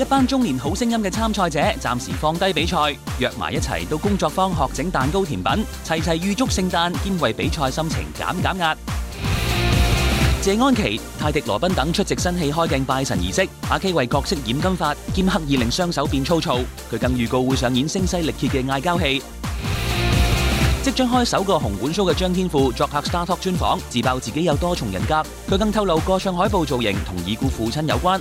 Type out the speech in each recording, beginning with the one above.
一班中年好聲音嘅參賽者暫時放低比賽，約埋一齊到工作坊學整蛋糕甜品，齊齊預祝聖誕，誕兼為比賽心情減減壓。謝安琪、泰迪羅賓等出席新戲開鏡拜神儀式，阿 K 為角色染金髮兼刻意令雙手變粗糙，佢更預告會上演聲嘶力竭嘅嗌交戲。即將開首個紅館 show 嘅張天賦作客 StarTalk 專訪，自爆自己有多重人格，佢更透露過上海報造型同已故父親有關。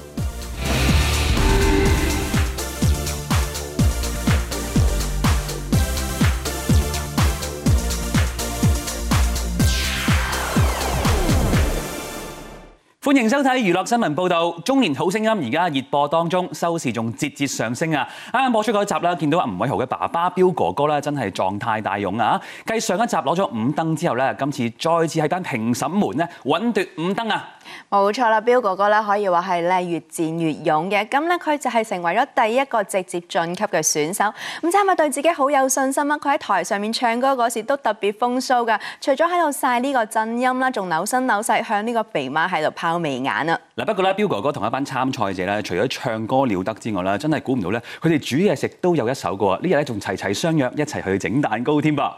歡迎收睇娛樂新聞報道，《中年好聲音》而家熱播當中，收視仲節節上升啊！啱啱播出嗰集啦，見到阿吳偉豪嘅爸爸彪哥哥咧，真係狀態大勇啊！繼上一集攞咗五燈之後咧，今次再次喺班評審門咧穩奪五燈啊！冇錯啦，彪哥哥咧可以話係咧越戰越勇嘅，咁咧佢就係成為咗第一個直接晉級嘅選手。咁即係咪對自己好有信心啊？佢喺台上面唱歌嗰時都特別風騷噶，除咗喺度晒呢個震音啦，仲扭身扭勢向呢個肥媽喺度拋眉眼啊！嗱，不過咧，彪哥哥同一班參賽者咧，除咗唱歌了得之外咧，真係估唔到咧，佢哋煮嘢食都有一手噶。呢日咧仲齊齊相約一齊去整蛋糕添噃。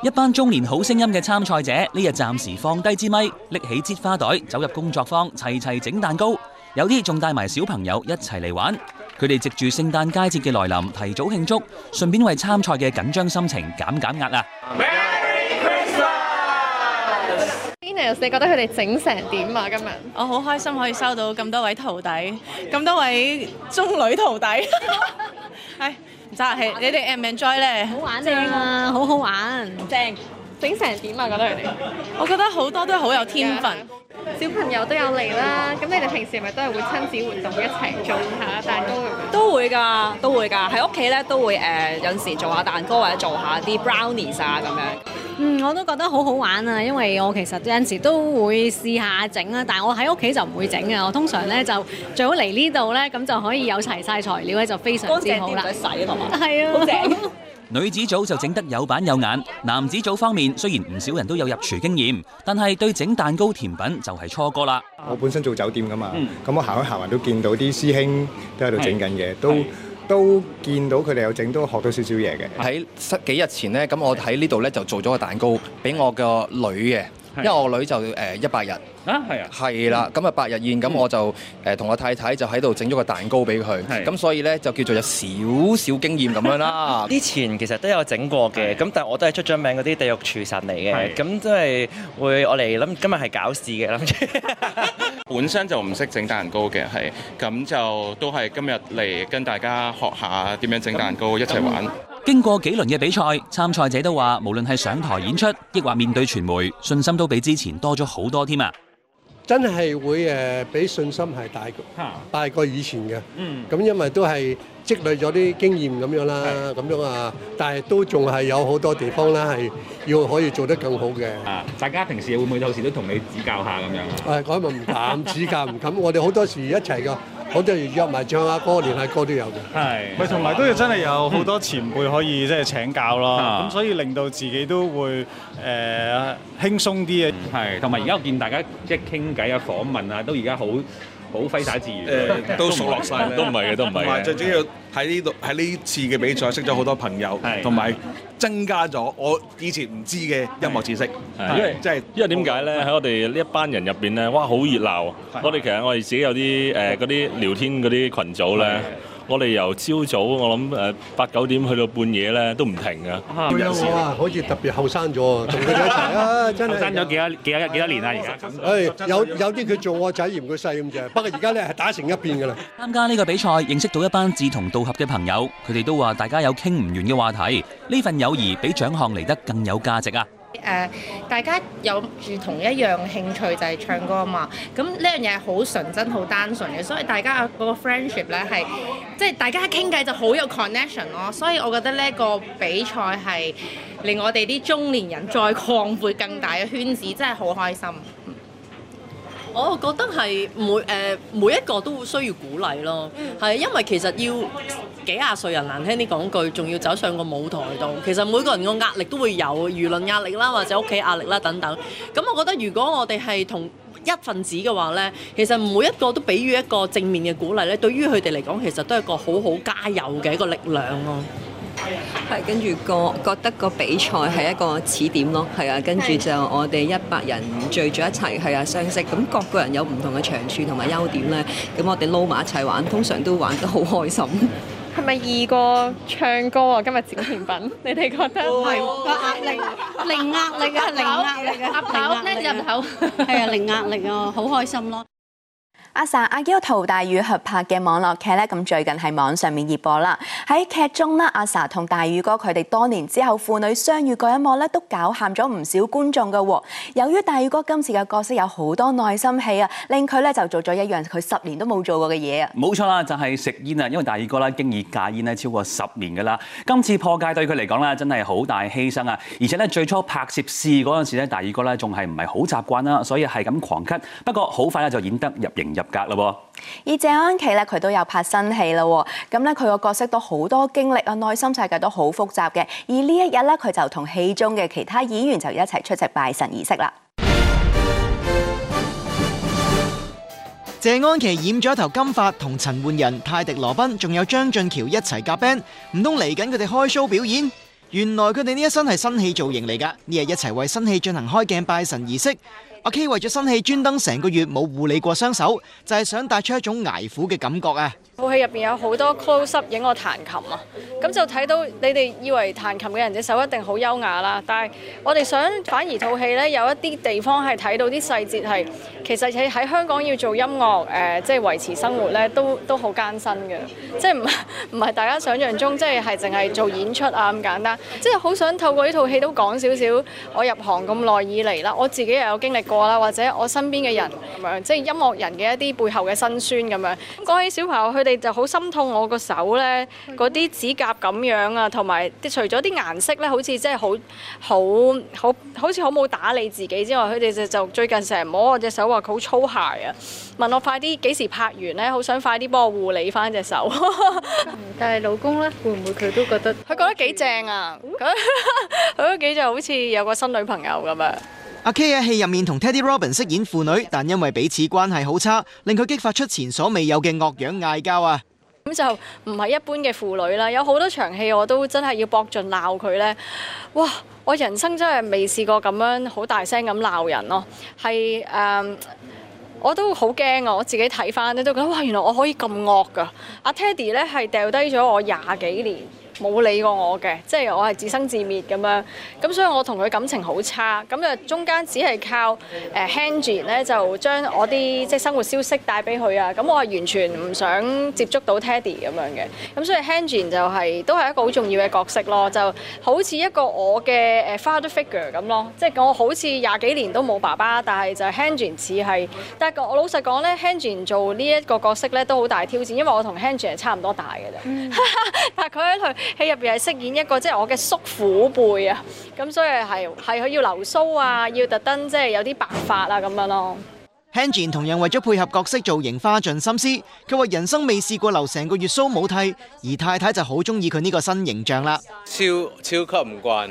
一般中年好聲音的參菜者,這日暫時放低芝麻,拎起滋花袋,走入工作方,砌砌整蛋糕,有些還帶小朋友一起來玩,他們接着聖誕街節的來臨提早慶祝,順便為參菜的緊張心情減減壓。Merry 真係你哋 enjoy 咧？好玩正啊，好好玩，正整成點啊？覺得你哋，我覺得好多都好有天分。小朋友都有嚟啦。咁你哋平時係咪都係會親子活動一齊做下蛋糕？都會㗎，都會㗎，喺屋企咧都會誒、呃，有時做下蛋糕或者做下啲 brownies 啊咁樣。嗯，我都覺得好好玩啊，因為我其實有陣時都會試下整啦，但係我喺屋企就唔會整啊。我通常咧就最好嚟呢度咧，咁就可以有齊曬材料咧，就非常之好啦。係啊，女子組就整得有板有眼，男子組方面雖然唔少人都有入廚經驗，但係對整蛋糕甜品就係初哥啦。我本身做酒店噶嘛，咁我行一行都見到啲師兄都喺度整緊嘢，都。都見到佢哋有整到學到少少嘢嘅。喺、啊、幾日前咧，咁我喺呢度咧就做咗個蛋糕畀我個女嘅。因為我女就誒一百日啊，係啊，係啦了，咁啊百日宴，咁、嗯、我就誒同我太太就喺度整咗個蛋糕俾佢，咁、嗯、所以咧就叫做有少少經驗咁樣啦。之 前其實都有整過嘅，咁 但係我都係出咗名嗰啲地獄廚神嚟嘅，咁即係會我嚟諗今日係搞事嘅諗住， 本身就唔識整蛋糕嘅，係咁就都係今日嚟跟大家學下點樣整蛋糕那一齊玩。經過幾輪嘅比賽，參賽者都話無論係上台演出，亦或面對傳媒，信心都比之前多咗好多添啊。 真係會，俾信心係大，大過以前嘅。嗯，咁因為都係積累咗啲經驗咁樣啦，咁樣啊，但係都仲係有好多地方啦，係要可以做得更好嘅。啊,大家平時會唔會有時都同你指教下咁樣？ 誒，我唔敢指教，唔敢。我哋好多時一齊㗎。好多人約埋張阿哥、連阿哥都有嘅，係，同埋都要真係有好有、嗯、多前輩可以即係請教咯，咁、嗯、所以令到自己都會誒、呃、輕鬆啲嘅，係同埋而家我見大家即係傾偈啊、訪問啊，都而家好。好揮灑自然，誒都數落晒，都唔係嘅，都唔係嘅。同埋最主要喺呢度喺呢次嘅比賽識咗好多朋友，同埋增加咗我以前唔知嘅音樂知識。因為即係因為點解咧？喺我哋呢一班人入邊咧，哇！好熱鬧。我哋其實我哋自己有啲誒嗰啲聊天嗰啲群組咧。我哋由朝早，我諗誒八九點去到半夜咧，都唔停㗎。今日我啊，好似特別後生咗，同佢哋一齊啊，真係。爭咗幾多幾多幾多年啊？而家咁。誒，有有啲佢做我仔嫌佢細咁啫。不過而家咧係打成一片嘅啦。參加呢個比賽，認識到一班志同道合嘅朋友，佢哋都話大家有傾唔完嘅話題。呢份友誼比獎項嚟得更有價值啊！誒，uh, 大家有住同一樣興趣就係唱歌嘛，咁呢樣嘢係好純真、好單純嘅，所以大家啊個 friendship 咧係，即係大家傾偈就好有 connection 咯，所以我覺得呢個比賽係令我哋啲中年人再擴闊更大嘅圈子，真係好開心。我覺得係每誒、呃、每一個都需要鼓勵咯，係因為其實要幾廿歲人難聽啲講句，仲要走上個舞台度，其實每個人嘅壓力都會有，輿論壓力啦，或者屋企壓力啦等等。咁我覺得如果我哋係同一份子嘅話呢，其實每一個都給予一個正面嘅鼓勵咧，對於佢哋嚟講，其實都係一個好好加油嘅一個力量咯。係跟住個覺得個比賽係一個始點咯，係啊，跟住就我哋一百人聚咗一齊，係啊相識，咁各個人有唔同嘅長處同埋優點咧，咁我哋撈埋一齊玩，通常都玩得好開心。係咪二個唱歌啊？今日整甜品，你哋覺得係零壓力啊？零壓力啊？零壓力入口，係啊，零壓力啊，好開心咯。阿 sa 阿嬌陶大宇合拍嘅網絡劇咧，咁最近喺網上面熱播啦。喺劇中咧，阿 sa 同大宇哥佢哋多年之後父女相遇嗰一幕咧，都搞喊咗唔少觀眾㗎喎。由於大宇哥今次嘅角色有好多內心戲啊，令佢咧就做咗一樣佢十年都冇做過嘅嘢啊。冇錯啦，就係食煙啊！因為大宇哥咧經已戒煙呢超過十年㗎啦，今次破戒對佢嚟講咧真係好大犧牲啊。而且咧最初拍攝試嗰陣時咧，大宇哥咧仲係唔係好習慣啦，所以係咁狂咳。不過好快咧就演得入型入營。隔而謝安琪咧，佢都有拍新戲啦。咁咧，佢個角色都好多經歷啊，內心世界都好複雜嘅。而呢一日咧，佢就同戲中嘅其他演員就一齊出席拜神儀式啦。謝安琪染咗一頭金髮，同陳煥仁、泰迪羅賓仲有張俊橋一齊夾 band，唔通嚟緊佢哋開 show 表演？原來佢哋呢一身係新戲造型嚟噶，呢日一齊為新戲進行開鏡拜神儀式。阿 K、okay，為咗新戲專登成個月冇護理過雙手，就係、是、想帶出一種捱苦嘅感覺啊！套戲入邊有好多 close up 影我彈琴啊，咁就睇到你哋以為彈琴嘅人隻手一定好優雅啦，但係我哋想反而套戲咧有一啲地方係睇到啲細節係，其實喺喺香港要做音樂誒、呃，即係維持生活咧都都好艱辛嘅，即係唔係大家想象中即係係淨係做演出啊咁簡單，即係好想透過呢套戲都講少少我入行咁耐以嚟，啦我自己又有經歷過啦，或者我身邊嘅人咁樣，即係音樂人嘅一啲背後嘅辛酸咁樣。講起小朋友去。佢就好心痛我個手咧，嗰啲指甲咁樣啊，同埋除咗啲顏色咧，好似即係好好好好似好冇打理自己之外，佢哋就最近成日摸我隻手，話佢好粗鞋啊！問我快啲幾時拍完咧，好想快啲幫我護理翻隻手。 但係老公咧，會唔會佢都覺得？佢覺得幾正啊！佢佢 覺得幾正，好似有個新女朋友咁啊！阿 K 喺戲入面同 Teddy Robin 飾演父女，但因為彼此關係好差，令佢激發出前所未有嘅惡樣嗌交啊！咁就唔係一般嘅父女啦，有好多場戲我都真係要搏盡鬧佢咧。哇！我人生真係未試過咁樣好大聲咁鬧人咯。係誒，呃，我都好驚啊！我自己睇翻咧，都覺得哇，原來我可以咁惡噶。阿 Teddy 咧係掉低咗我廿幾年。冇理過我嘅，即係我係自生自滅咁樣，咁所以我同佢感情好差，咁就中間只係靠誒 Hendry 咧，就將我啲即係生活消息帶俾佢啊，咁我係完全唔想接觸到 Teddy 咁樣嘅，咁所以 Hendry 就係都係一個好重要嘅角色咯，就好似一個我嘅誒 father figure 咁咯，即係我好似廿幾年都冇爸爸，但係就 Hendry 似係，但係我老實講咧，Hendry 做呢一個角色咧都好大挑戰，因為我同 Hendry 係差唔多大嘅啫，但係佢喺佢喺入邊係飾演一個即係、就是、我嘅叔父輩啊，咁所以係係佢要留鬚啊，要特登即係有啲白髮啊咁樣咯。Henry 同樣為咗配合角色造型花盡心思，佢話人生未試過留成個月鬚冇剃，而太太就好鍾意佢呢個新形象啦。超超級唔慣，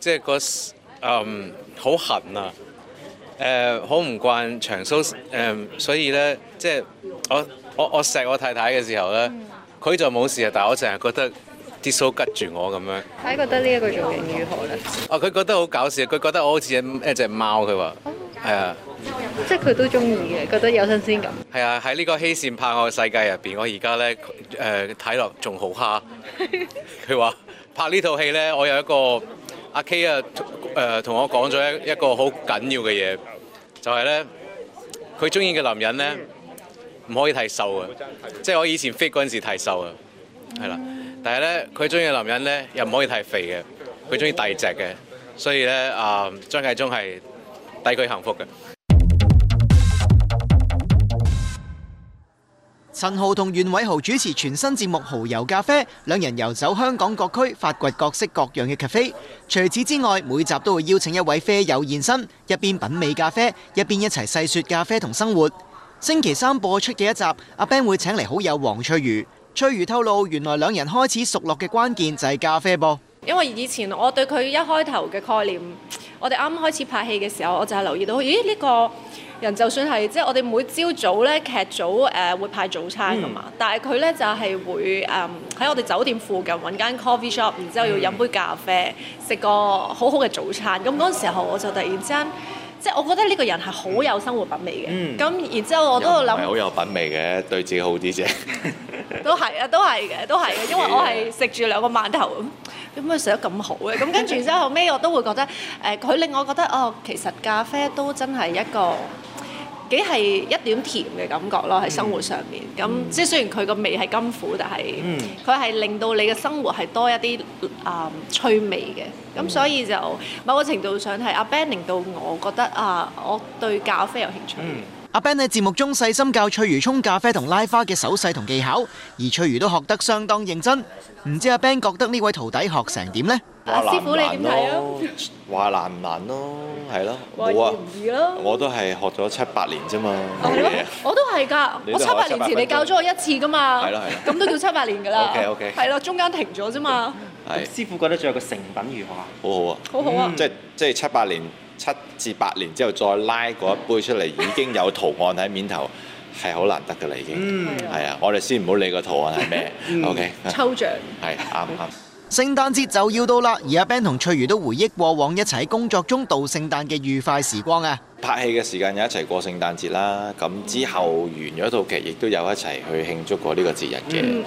即、就、係、是個嗯好痕啊，誒好唔慣長鬚誒、呃，所以咧即係我我我錫我太太嘅時候咧，佢就冇事啊，但我成日覺得。啲手拮住我咁樣，睇、啊、覺得呢一個造型如何咧？啊，佢覺得好搞笑，佢覺得我好似一隻貓，佢話係啊，即係佢都中意嘅，覺得有新鮮感。係啊，喺呢個欺善怕惡世界入邊，我而家咧誒睇落仲好蝦。佢、呃、話 拍呢套戲咧，我有一個阿、啊、K 啊誒同我講咗一一個好緊要嘅嘢，就係咧佢中意嘅男人咧唔可以太瘦啊，即係我以前 fit 嗰陣時太瘦啊，係啦、嗯。但係咧，佢中意男人咧，又唔可以太肥嘅，佢中意大隻嘅，所以咧，啊，張繼聰係抵佢幸福嘅。陳豪同袁偉豪主持全新節目《蠔油咖啡》，兩人游走香港各區，發掘各式各樣嘅咖啡。除此之外，每集都會邀請一位啡友現身，一邊品味咖啡，一邊一齊細說咖啡同生活。星期三播出嘅一集，阿 Ben 會請嚟好友黃翠如。崔如透露，原來兩人開始熟絡嘅關鍵就係咖啡噃。因為以前我對佢一開頭嘅概念，我哋啱開始拍戲嘅時候，我就係留意到，咦呢、呢個人就算係即係我哋每朝早咧劇組誒會派早餐噶嘛，嗯、但係佢咧就係、是、會誒喺、嗯、我哋酒店附近揾間 coffee shop，然之後要飲杯咖啡，食個好好嘅早餐。咁嗰陣時候我就突然之間。即係我覺得呢個人係好有生活品味嘅，咁、嗯、然之後我都諗，唔係好有品味嘅，對自己好啲啫 。都係啊，都係嘅，都係嘅，因為我係食住兩個饅頭咁，點解食得咁好嘅？咁跟住之後後尾我都會覺得，誒，佢令我覺得哦，其實咖啡都真係一個。幾係一點甜嘅感覺咯，喺、嗯、生活上面咁即係雖然佢個味係甘苦，但係佢係令到你嘅生活係多一啲啊趣味嘅咁，所以就某個程度上係阿 Ben 令到我覺得啊，我對咖啡有興趣。阿、嗯、Ben 喺節目中細心教翠如沖咖啡同拉花嘅手勢同技巧，而翠如都學得相當認真。唔知阿 Ben 覺得呢位徒弟學成點呢？阿師傅，你點睇啊？話難唔難咯？係咯，好容易咯。我都係學咗七八年啫嘛。我都係噶，我七八年前你教咗我一次噶嘛。係咯係，咁都叫七八年噶啦。OK OK。係咯，中間停咗啫嘛。師傅覺得仲有個成品如何啊？好好啊，好好啊。即係即係七八年，七至八年之後再拉過一杯出嚟，已經有圖案喺面頭，係好難得噶啦已經。嗯。係啊，我哋先唔好理個圖案係咩。OK。抽象。係，啱啱。聖誕節就要到啦，而阿 Ben 同翠如都回憶過往一齊喺工作中度聖誕嘅愉快時光啊！拍戲嘅時間有一齊過聖誕節啦，咁之後完咗套劇，亦都有一齊去慶祝過呢個節日嘅。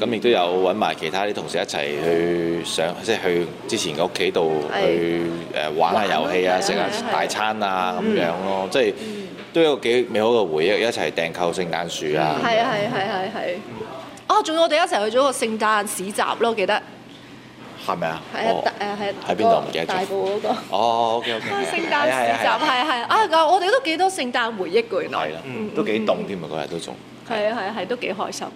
咁亦都有搵埋其他啲同事一齊去上，即係去之前嘅屋企度去誒玩下遊戲啊，食下大餐啊咁、嗯、樣咯。即係、嗯、都有幾美好嘅回憶，一齊訂購聖誕樹啊！係係係係係。啊，仲要我哋一齊去咗個聖誕市集咯，記得。係咪啊？係啊，大誒係喺邊度？唔記得咗。大埔嗰個。哦，OK OK。聖誕市集係係啊！我哋都幾多聖誕回憶喎，原來。係啦，都幾凍添啊！嗰日都仲。係啊係啊係，都幾開心。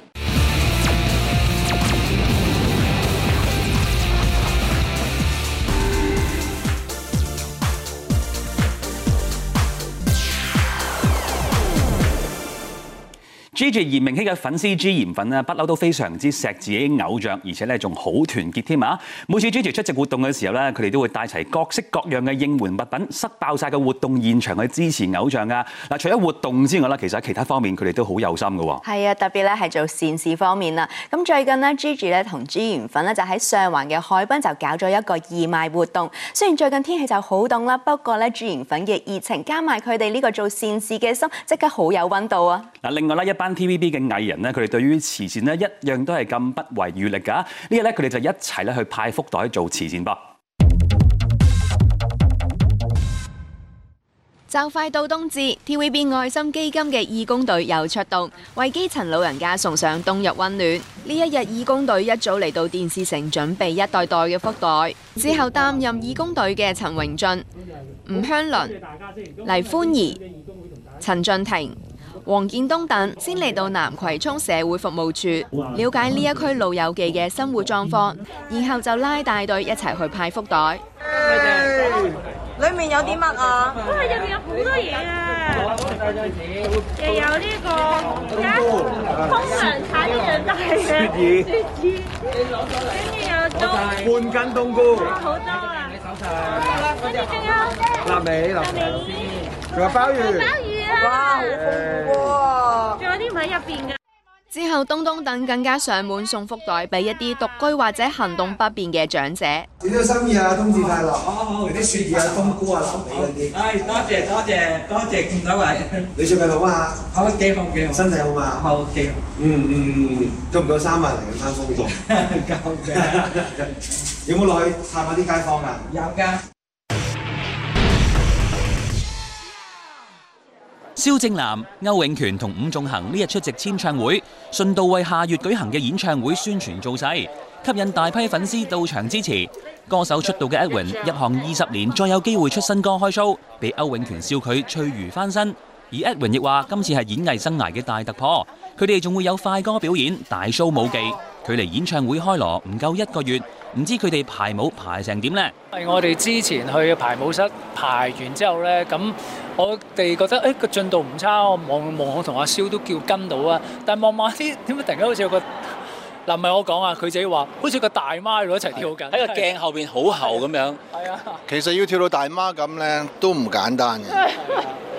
Gigi 炎明熹嘅粉絲 G 炎粉呢，不嬲都非常之錫自己偶像，而且咧仲好團結添啊！每次 Gigi 出席活動嘅時候咧，佢哋都會帶齊各式各樣嘅應援物品，塞爆晒嘅活動現場去支持偶像啊！嗱，除咗活動之外啦，其實喺其他方面佢哋都好有心嘅喎。係啊，特別咧係做善事方面啊。咁最近呢 Gigi 咧同 G 炎粉咧，就喺上環嘅海濱就搞咗一個義賣活動，雖然最近天氣就好凍啦，不過咧 G 炎粉嘅熱情加埋佢哋呢個做善事嘅心，即刻好有溫度啊！嗱，另外咧一班。TVB 嘅藝人咧，佢哋對於慈善咧一樣都係咁不遺餘力噶。呢日呢，咧，佢哋就一齊咧去派福袋做慈善啵。就快到冬至，TVB 愛心基金嘅義工隊又出動，為基層老人家送上冬日溫暖。呢一日，義工隊一早嚟到電視城，準備一袋袋嘅福袋。之後擔任義工隊嘅陳榮俊、吳香倫、黎歡怡、陳俊廷。王建東等先嚟到南葵涌社會服務處了解呢一區老友記嘅生活狀況，然後就拉大隊一齊去派福袋。裏面有啲乜啊？哇，入面有好多嘢啊！又有呢個冬菇，通常產量大嘅。木耳。跟住又到半斤冬菇。哇，好多啊！跟住仲有臘味、臘味。仲有鮑魚，鮑魚啊！哇！仲有啲唔喺入邊噶。之後東東等更加上門送福袋俾一啲獨居或者行動不便嘅長者。好多生意啊，冬至快樂！好好好，啲雪耳啊，冬菇啊，臘味嗰啲。哎，多謝多謝多謝，見到你。你最近好嘛？好，幾好幾好。身體好嘛？好，幾好。嗯嗯嗯，夠唔夠衫啊？嚟，咁返工。夠嘅。有冇落去探下啲街坊啊？有噶。蕭正楠、歐永權同伍仲衡呢日出席簽唱會，順道為下月舉行嘅演唱會宣傳造勢，吸引大批粉絲到場支持。歌手出道嘅 Edwin 入行二十年再有機會出新歌開 show，被歐永權笑佢翠如翻身。而 Edwin 亦話今次係演藝生涯嘅大突破，佢哋仲會有快歌表演、大 show 舞技，距離演唱會開鑼唔夠一個月。唔知佢哋排舞排成點咧？係我哋之前去嘅排舞室排完之後咧，咁我哋覺得誒個、欸、進度唔差，望望我同阿蕭都叫跟到啊！但係望望啲點解突然間好似有個～嗱唔係我講啊，佢自己話好似個大媽喺度一齊跳緊，喺個鏡後邊好厚咁樣。係啊，其實要跳到大媽咁咧，都唔簡單嘅，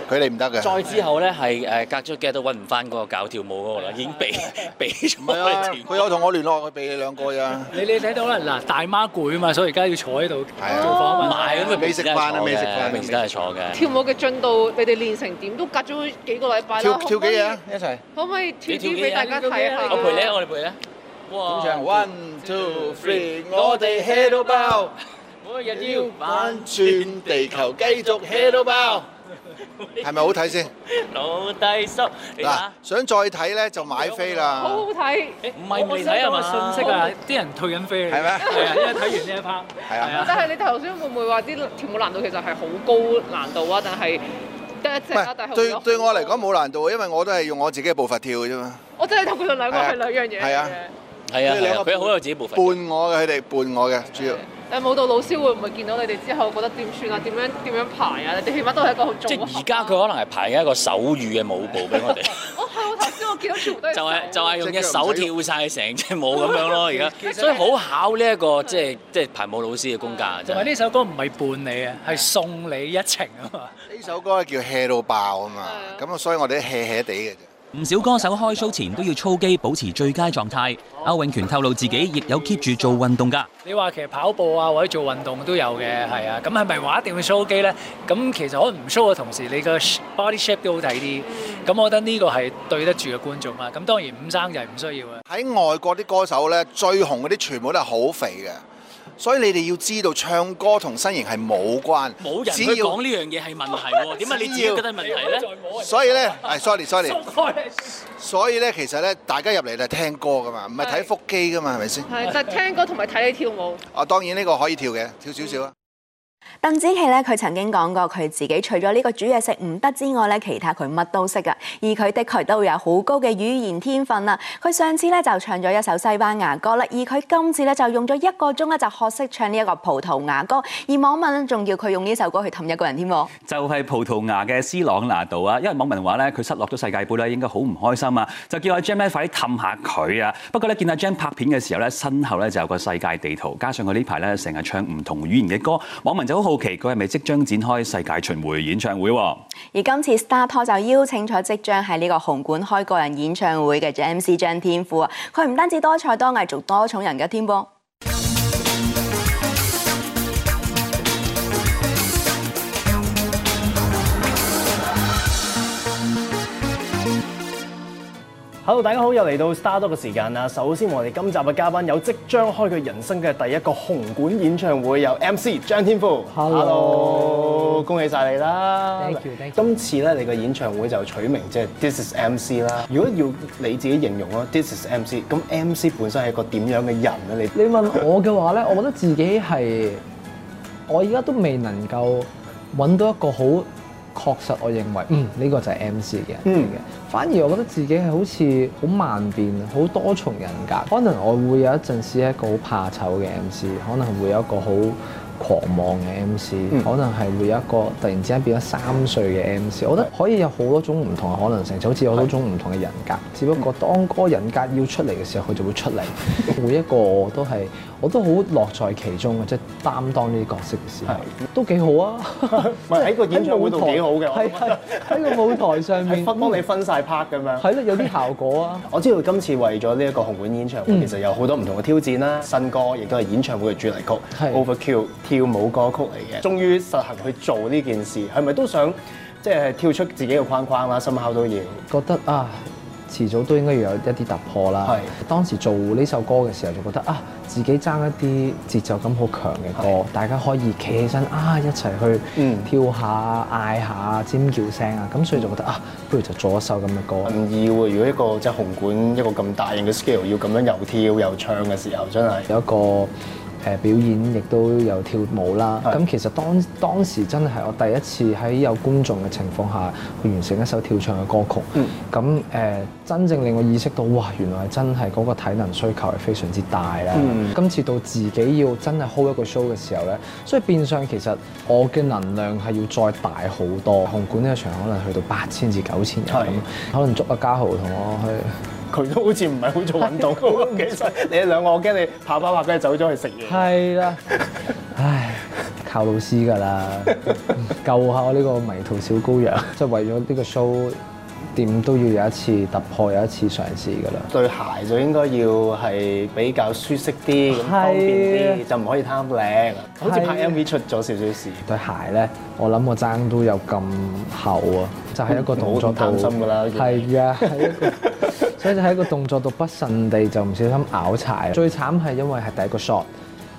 佢哋唔得嘅。再之後咧，係誒隔咗幾日都揾唔翻嗰個教跳舞嗰個啦，已經被被佢有同我聯絡，佢俾你兩個呀。你你睇到啦，嗱大媽攰啊嘛，所以而家要坐喺度做訪問。唔係咁，咪未食飯啊？未食飯，而都係坐嘅。跳舞嘅進度，你哋練成點？都隔咗幾個禮拜跳跳幾日啊？一齊。可唔可以跳啲俾大家睇下？我陪你，我哋陪你。現場 One Two Three，我哋 hea 到爆！每日要翻轉地球，繼續 hea 到爆！係咪好睇先？老底叔，嗱，想再睇咧就買飛啦！好好睇，唔係未睇係咪信息啊？啲人退緊飛嚟，係咩？依家睇完呢一 part，係啊！但係你頭先會唔會話啲跳舞難度其實係好高難度啊？但係，但係成日都係對對我嚟講冇難度，因為我都係用我自己嘅步伐跳嘅啫嘛。我真係同佢哋兩個係兩樣嘢嘅。係啊，佢好有自己部分，伴我嘅佢哋伴我嘅主要。誒舞蹈老師會唔會見到你哋之後覺得點算啊？點樣點樣排啊？你哋起碼都係一個好組合。即而家佢可能係排一個手語嘅舞步俾我哋。哦，係我頭先我見到全部就係就係用隻手跳晒成隻舞咁樣咯，而家。所以好考呢一個即係即係排舞老師嘅功架。同埋呢首歌唔係伴你啊，係送你一程啊嘛。呢首歌係叫《hea 到爆》啊嘛，咁啊，所以我哋都 heahea 地嘅啫。唔少歌手開 show 前都要操肌保持最佳狀態。歐永權透露自己亦有 keep 住做運動噶。你話其實跑步啊或者做運動都有嘅，係啊。咁係咪話一定要 show 肌咧？咁其實可能唔 show 嘅同時，你個 body shape 都好睇啲。咁我覺得呢個係對得住嘅觀眾啊。咁當然五生就係唔需要啊。喺外國啲歌手咧，最紅嗰啲全部都係好肥嘅。所以你哋要知道唱歌同身形係冇關，冇人去講呢樣嘢係問題喎。點解你自己覺得係問題咧？所以咧，係 sorry sorry。所以咧，其實咧，大家入嚟就係聽歌㗎嘛，唔係睇腹肌㗎嘛，係咪先？係，但係聽歌同埋睇你跳舞。啊，當然呢個可以跳嘅，跳少少啊。鄧紫棋咧，佢曾經講過佢自己除咗呢個煮嘢食唔得之外咧，其他佢乜都識噶。而佢的確都有好高嘅語言天分啦。佢上次咧就唱咗一首西班牙歌啦，而佢今次咧就用咗一個鐘咧就學識唱呢一個葡萄牙歌。而網民仲叫佢用呢首歌去氹一個人添。就係葡萄牙嘅斯朗拿度啊，因為網民話咧佢失落咗世界盃咧，應該好唔開心啊，就叫阿 Gem 快啲氹下佢啊。不過咧見阿 Gem 拍片嘅時候咧，身後咧就有個世界地圖，加上佢呢排咧成日唱唔同語言嘅歌，網民就好奇佢係咪即將展開世界巡回演唱會啊？而今次 StarTalk 就邀請咗即將喺呢個紅館開個人演唱會嘅 MC 張天賦啊！佢唔單止多才多藝，仲多重人格添噃。Hello，大家好，又嚟到 Star 嘅時間啦。首先，我哋今集嘅嘉賓有即將開佢人生嘅第一個紅館演唱會，有 MC 張天賦。Hello，, hello 恭喜晒你啦！Thank you，Thank you。You. 今次咧，你嘅演唱會就取名即係 This is MC 啦。如果要你自己形容咯，This is MC，咁 MC 本身係一個點樣嘅人咧？你你問我嘅話咧， 我覺得自己係我而家都未能夠揾到一個好。確實，我認為嗯呢個就係 MC 嘅，嗯嘅。反而我覺得自己係好似好萬變，好多重人格。可能我會有一陣時係一個好怕醜嘅 MC，可能會有一個好。狂妄嘅 MC，可能係會有一個突然之間變咗三歲嘅 MC。我覺得可以有好多種唔同嘅可能性，就好似有好多種唔同嘅人格。只不過當嗰個人格要出嚟嘅時候，佢就會出嚟。每一個都係，我都好樂在其中嘅，即係擔當呢啲角色嘅時候。都幾好啊！喺個演唱會度幾好嘅，係喺個舞台上面，係幫你分晒 part 咁樣。係咯，有啲效果啊！我知道今次為咗呢一個紅館演唱會，其實有好多唔同嘅挑戰啦，新歌亦都係演唱會嘅主題曲 Overkill 跳舞歌曲嚟嘅，終於實行去做呢件事，係咪都想即係跳出自己嘅框框啦？心口都要覺得啊，遲早都應該有一啲突破啦。是當時做呢首歌嘅時候就覺得啊，自己爭一啲節奏感好強嘅歌，是大家可以企起身啊，一齊去跳下、嗌、嗯、下、尖叫聲啊，咁所以就覺得啊，不如就做一首咁嘅歌。唔要啊！如果一個即係紅館一個咁大型嘅 scale，要咁樣又跳又唱嘅時候，真係有一個。誒、呃、表演亦都有跳舞啦，咁是其實當當時真係我第一次喺有觀眾嘅情況下去完成一首跳唱嘅歌曲，咁誒、嗯嗯、真正令我意識到，哇，原來真係嗰個體能需求係非常之大啦。嗯、今次到自己要真係 hold 一個 show 嘅時候呢，所以變相其實我嘅能量係要再大好多。紅館呢個場可能去到八千至九千人咁是、嗯，可能捉阿家豪同我去。佢都好似唔係好做運動嘅，其實你哋兩個，我驚你跑跑滑滑走咗去食嘢。係啦，唉，靠老師㗎啦，救下我呢個迷途小羔羊。即係為咗呢個 show，點都要有一次突破，有一次嘗試㗎啦。對鞋就應該要係比較舒適啲，咁方便啲，就唔可以貪靚。好似拍 MV 出咗少少事。對鞋咧，我諗我踭都有咁厚啊。就係一個動作，擔心㗎啦，係呀的，係 一個，所以就係一個動作度，不慎地就唔小心咬柴，最慘係因為係第一個 shot，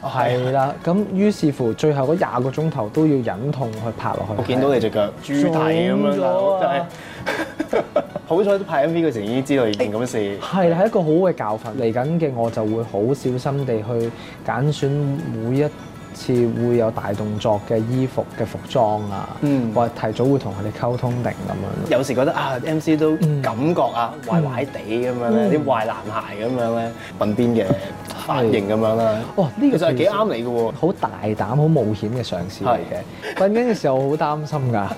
係啦，咁是的 於是乎最後嗰廿個鐘頭都要忍痛去拍落去。我見到你隻腳豬蹄咁樣，好彩都拍 MV 嗰時候已經知道你已經咁事，係係一個好嘅教訓。嚟緊嘅我就會好小心地去揀選每一。似會有大動作嘅衣服嘅服裝啊，或提早會同佢哋溝通定咁樣。有時覺得啊，MC 都感覺啊，壞壞地咁樣咧，啲壞男孩咁樣咧，笨邊嘅髮型咁樣啦。哇，呢個就係幾啱你嘅喎，好大膽、好冒險嘅嘗試嚟嘅。笨緊嘅時候，我好擔心㗎，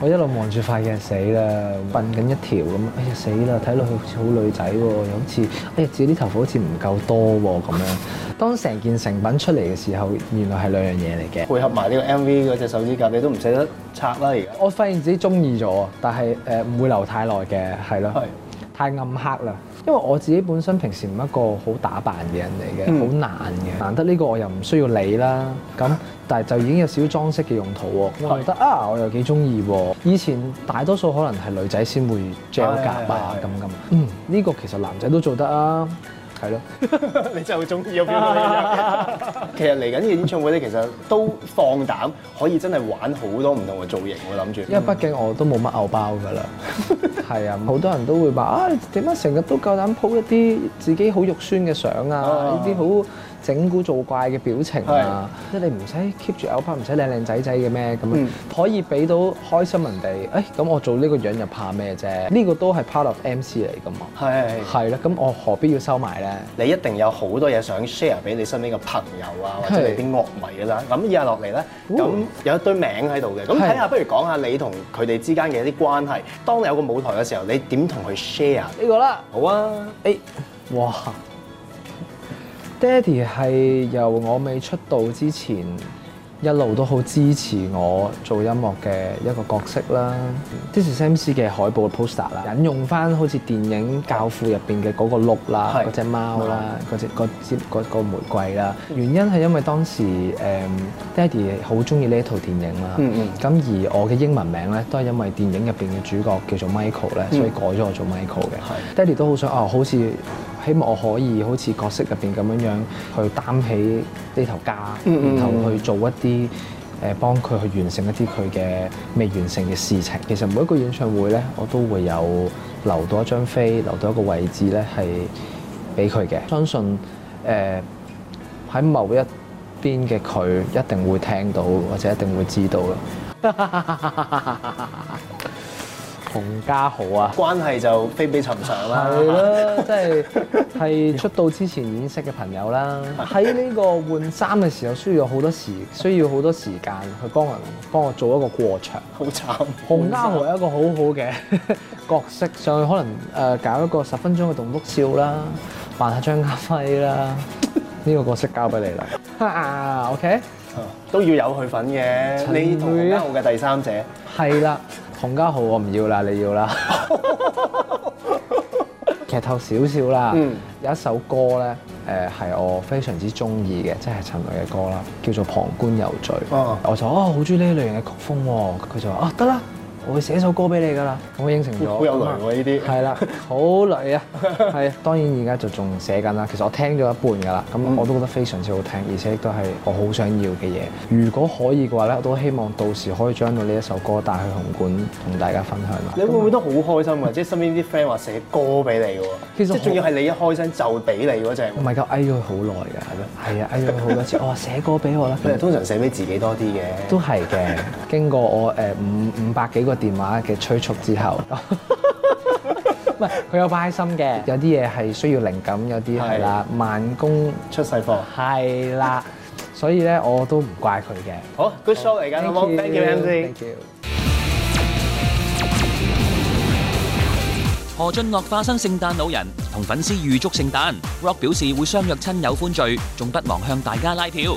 我一路望住塊嘅死啦，笨緊一條咁樣，哎呀死啦，睇落去好似好女仔喎，又好似哎呀自己啲頭髮好似唔夠多喎咁樣。當成件成品出嚟嘅時候，原來係兩樣嘢嚟嘅。配合埋呢個 MV 嗰隻手指甲，你都唔捨得拆啦。而家我發現自己中意咗，但係誒唔會留太耐嘅，係咯。係的太暗黑啦，因為我自己本身平時唔一個好打扮嘅人嚟嘅，好、嗯、難嘅。難得呢個我又唔需要理啦。咁但係就已經有少少裝飾嘅用途喎。我覺得啊，我又幾中意。以前大多數可能係女仔先會着甲啊咁咁。嗯，呢、呢個其實男仔都做得啊。係咯，對 你真就中意個表情。 其實嚟緊呢個演唱會咧，其實都放膽可以真係玩好多唔同嘅造型。我諗住，因為畢竟我都冇乜牛包㗎啦。係啊，好多人都會話啊，你點解成日都夠膽 po 一啲自己好肉酸嘅相啊？呢啲好～整蠱做怪嘅表情啊！是即係你唔使 keep 住 out 派，唔使靚靚仔仔嘅咩？咁、嗯、可以俾到開心人哋。誒、哎、咁我做呢個樣又怕咩啫？呢、這個都係 part of MC 嚟噶嘛。係係啦，咁我何必要收埋咧？你一定有好多嘢想 share 俾你身邊嘅朋友啊，或者你啲樂迷啦、啊。咁以是下落嚟咧，咁、哦、有一堆名喺度嘅。咁睇下，是不如講下你同佢哋之間嘅一啲關係。當你有個舞台嘅時候，你點同佢 share 呢個啦？好啊！誒、哎、哇！Daddy 係由我未出道之前一路都好支持我做音樂嘅一個角色啦。This Is Sam C 嘅海報 poster 啦， 引用翻好似電影《教父》入邊嘅嗰個鹿啦、嗰隻是貓啦、嗰隻嗰個玫瑰啦。嗯、原因係因為當時誒、嗯、Daddy 好中意呢一套電影啦。咁、嗯、而我嘅英文名咧都係因為電影入邊嘅主角叫做 Michael 咧，所以改咗我做 Michael 嘅、嗯。Daddy 都好想啊、哦，好似～希望我可以好似角色入邊咁樣樣去擔起呢頭家，mm hmm. 然後去做一啲誒幫佢去完成一啲佢嘅未完成嘅事情。其實每一個演唱會呢，我都會有留到一張飛，留到一個位置呢，係俾佢嘅。相信誒喺、呃、某一邊嘅佢一定會聽到，或者一定會知道。 洪 家豪啊， 關係就非比尋常啦。係啦，即係係出道之前認識嘅朋友啦。喺呢個換衫嘅時候需要多時，需要好多時間，需要好多時間去幫人幫我做一個過場。好慘！洪家豪一個好好嘅角色， 上去可能誒搞一個十分鐘嘅棟篤笑啦，扮下張家輝啦。呢、呢個角色交俾你啦。 OK，都要有佢份嘅。慧你同洪家豪嘅第三者係啦。 是的 洪家豪，我唔要啦，你要啦。 劇透少少啦，有一首歌咧，誒係我非常之中意嘅，即係陳蕾嘅歌啦，叫做《旁觀有罪》。 我就話，哦，好中意呢類型嘅曲風喎。佢就話哦，得啦。我會寫首歌俾你㗎啦，咁我應承咗。好有能喎呢啲，係啦，好累啊！係啊，當然而家就仲寫緊啦。其實我聽咗一半㗎啦，咁我都覺得非常之好聽，而且亦都係我好想要嘅嘢。如果可以嘅話咧，我都希望到時可以將到呢一首歌帶去紅館同大家分享。你會唔會都好開心㗎，啊？即係 身邊啲 friend 話寫歌俾你喎，其實即係仲要係你一開聲就俾你嗰隻。唔係咁嗌佢好耐㗎，係咪？係啊，嗌咗好多次。我話寫歌俾我啦。你係 通常寫俾自己多啲嘅？都係嘅。經過我誒五五百幾個。電話嘅催促之後，唔係佢有拜心嘅，有啲嘢係需要靈感，有啲係啦，慢工出細貨，係啦，所以咧我都唔怪佢嘅。好，good show 嚟噶，好唔好？Thank you，MC。何俊樂化身聖誕老人，同粉絲預祝聖誕。Rock 表示會相約親友歡聚，仲不忘向大家拉票。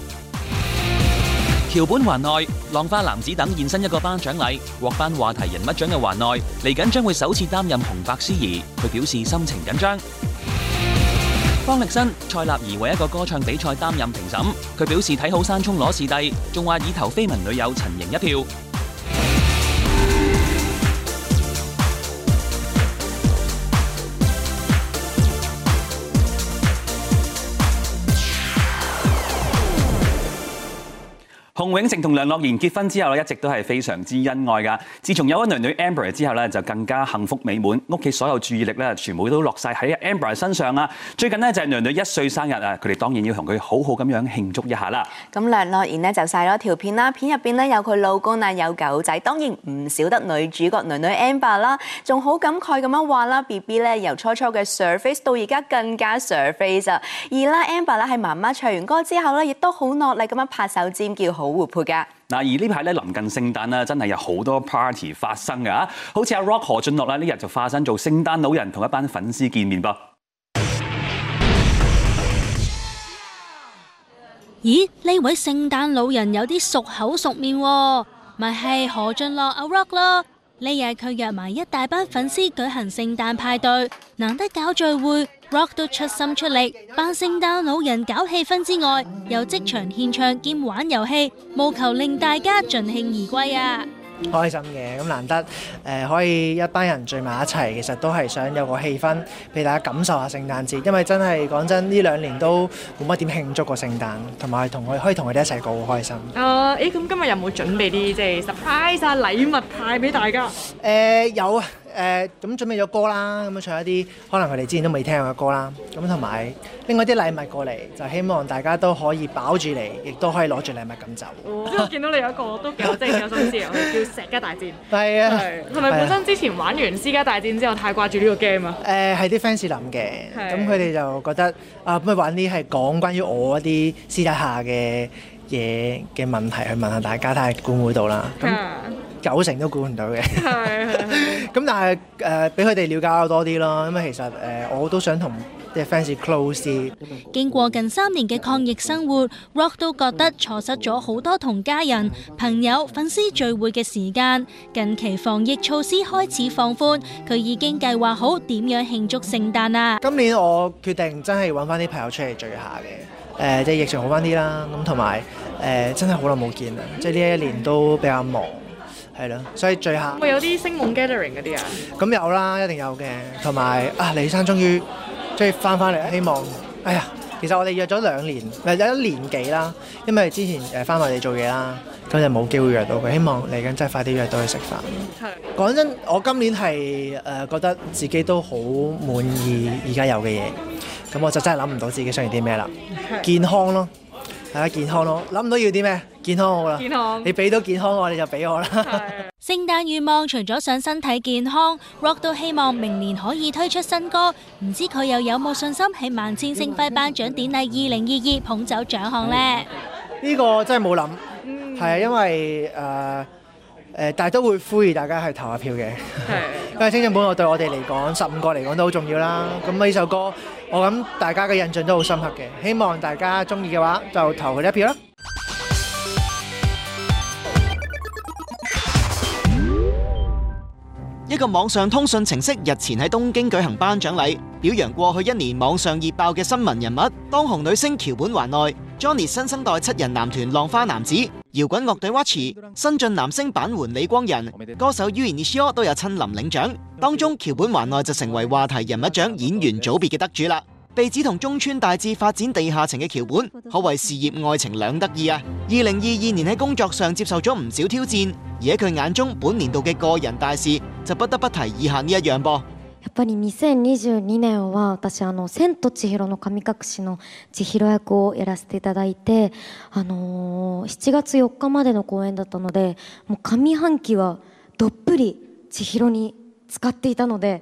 橋本環奈、浪花男子等現身一個頒獎禮，獲頒話題人物獎嘅環奈，嚟緊將會首次擔任紅白司儀，佢表示心情緊張。方力申、蔡立兒為一個歌唱比賽擔任評審，佢表示睇好山聰攞視帝，仲話已投緋聞女友陳瑩一票。梁永成同梁洛妍結婚之後咧，一直都係非常之恩愛噶。自從有咗女女 Amber 之後咧，就更加幸福美滿，屋企所有注意力咧，全部都落晒喺 Amber 身上啊！最近咧就係、是、女女一歲生日啊，佢哋當然要同佢好好咁樣慶祝一下啦。咁梁洛妍咧就晒咗條片啦，片入邊咧有佢老公啊，有狗仔，當然唔少得女主角娘女女 Amber 啦，仲好感慨咁樣話啦：B B 咧由初初嘅 surface 到而家更加 surface 啊！而啦 Amber 啦喺媽媽唱完歌之後咧，亦都好落力咁樣拍手尖叫好～活潑噶嗱，而呢排咧臨近聖誕啦，真係有好多 party 發生嘅啊！好似阿 Rock 何俊樂啦，呢日就化身做聖誕老人，同一班粉絲見面噃。咦？呢位聖誕老人有啲熟口熟面喎，咪係何俊樂阿 Rock 咯？呢日佢約埋一大班粉絲舉行聖誕派對，難得搞聚會。Rock 都出心出力扮聖誕老人搞氣氛之外，又即場獻唱兼玩遊戲，務求令大家盡興而歸啊！開心嘅，咁難得誒，可以一班人聚埋一齊，其實都係想有個氣氛，俾大家感受下聖誕節。因為真係講真，呢兩年都冇乜點慶祝過聖誕，同埋同佢可以同佢哋一齊過好開心。誒，咁今日有冇準備啲即係 surprise 啊禮物派俾大家？誒，有啊！誒咁、呃嗯、準備咗歌啦，咁樣唱一啲可能佢哋之前都未聽過嘅歌啦。咁同埋拎一啲禮物過嚟，就希望大家都可以保住你，亦都可以攞住禮物咁走。哇！我 見到你有一個都幾有精 有心思嘅，叫《石家大戰》。係 啊，係咪是是本身之前玩完《私家大戰》之後太掛住呢個 game、呃、啊？誒係啲 fans 諗嘅，咁佢哋就覺得啊，不如玩啲係講關於我一啲私底下嘅嘢嘅問題去問下大家，睇下估唔估到啦。咁。 九成都估唔到嘅，咁 但係誒，俾佢哋了解多啲咯。咁啊，其實誒、呃，我都想同啲 fans close 啲。經過近三年嘅抗疫生活，Rock 都覺得錯失咗好多同家人、朋友、粉絲聚會嘅時間。近期防疫措施開始放寬，佢已經計劃好點樣慶祝聖誕啦。今年我決定真係揾翻啲朋友出嚟聚下嘅，誒、呃，即係疫情好翻啲啦。咁同埋誒，真係好耐冇見啦，即係呢一年都比較忙。係咯，所以最後會有啲星夢 gathering 嗰啲啊？咁有啦，一定有嘅。同埋啊，李生終於終於翻翻嚟，希望哎呀，其實我哋約咗兩年，唔係有一年幾啦，因為之前誒翻外地做嘢啦，咁就冇機會約到佢。希望嚟緊真係快啲約到去食飯。係講的真，我今年係誒、呃、覺得自己都好滿意而家有嘅嘢，咁我就真係諗唔到自己想要啲咩的啦、啊。健康咯，大家健康咯，諗唔到要啲咩？健康好啦，你俾到健康我，你就俾我啦。聖誕願望除咗想身體健康，Rock 都希望明年可以推出新歌。唔知佢又有冇信心喺萬千星輝頒獎典禮二零二二捧走獎項呢？呢個真係冇諗，係啊、嗯，因為誒誒、呃呃，但係都會呼籲大家去投下票嘅。的因為《青春本我》對我哋嚟講，十五個嚟講都好重要啦。咁呢首歌，我諗大家嘅印象都好深刻嘅。希望大家鍾意嘅話，就投佢一票啦。一個網上通訊程式日前喺東京舉行頒獎禮，表揚過去一年網上熱爆嘅新聞人物，當紅女星橋本環奈、Johnny 新生代七人男團浪花男子、搖滾樂隊 Watch、新晉男星板垣李光人、歌手、y、U N I C O 都有親臨領獎，當中橋本環奈就成為話題人物獎演員組別嘅得主啦。被指同中村大志發展地下情嘅橋本，可謂事業愛情兩得意啊！二零二二年喺工作上接受咗唔少挑戰，而喺佢眼中本年度嘅個人大事就不得不提以下呢一樣噃。やっぱり二千二十二年は、私あの千と千尋の神隠しの千尋役をやらせていただいて、あの七月四日までの公演だったので、もう上半期はどっぷり千尋に使っていたので。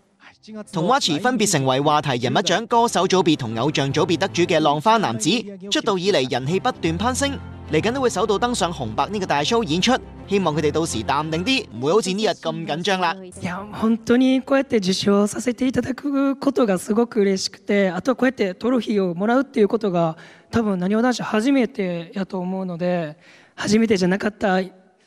同 Watch 分別成為話題人物獎歌手組別同偶像組別得主嘅浪花男子，出道以嚟人氣不斷攀升，嚟緊都會首度登上紅白呢個大 show 演出，希望佢哋到時淡定啲，唔會好似呢日咁緊張啦。